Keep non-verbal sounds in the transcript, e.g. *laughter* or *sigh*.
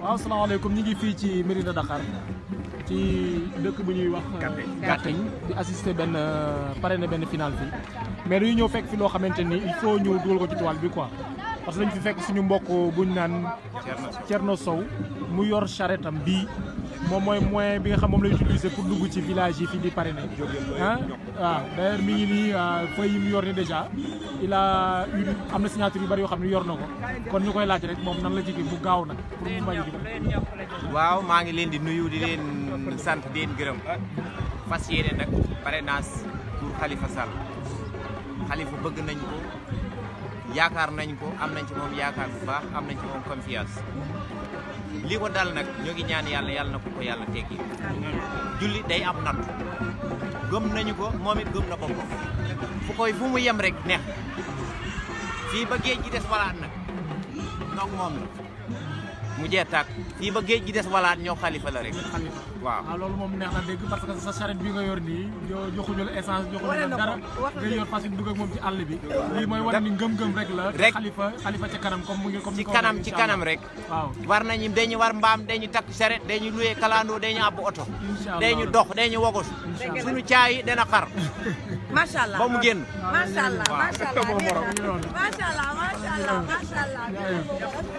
waaw salaamaaleykum ñu ngi fii ci Mérina Dakhar ci dëkk bu ñuy wax. Gàtteñ di assister benn parrainé benn final fii. mais dañu ñëw fekk fi loo xamante ni il ñëw ñu dugal ko ci toile bi quoi parce que dañu fi fekk suñu mbokk buñ naan. na Sow mu yor charrette bii. moom mooy moyen bi nga xam moom la utiliser pour dugg ci village yi fii di parrainé ah waaw d'ailleurs mi ngi nii ah, feuille yi mu yor ni déjà il a am na signature yu bari yoo xam ne yor na ko kon ñu koy laaj rek moom nan la ci kii bu gaaw nag pour mu bañ a waaw maa ngi leen di nuyu di leen sant di leen gërëm fas yéene nag parrainage pour Khalifa Sall. xalifa bëgg nañ ko yaakaar nañ ko am nañ ci moom yaakaar bu baax am nañ ci moom confiance li ko dal nag ñoo ngi ñaan yàlla yàlla na ko ko yàlla teggi julli day am natt gëm nañu ko moom it gëm na ko ko fu koy fu mu yem rek neex fii ba géej gi des walaat nag donc moom la mu jeetaak fii ba géej gi des walaat ñoo xalifa la rek. xalifa waaw ah, loolu moom neex na dégg parce que sa charrette bi nga yor nii joxuñu la essence joxuñu la dara nga yor ci àll bi. lii mooy wane ni ngëm-ngëm rek la. rek xalifa xalifa ci kanam ci kanam ci kanam rek. waaw war nañu dañu war mbaam dañu takk charrette dañu loué kalandoo dañu àbb oto. incha allah dañu dox dañu wogot. suñu caay dana xar. *laughs* macha allah ba mu génn. macha allah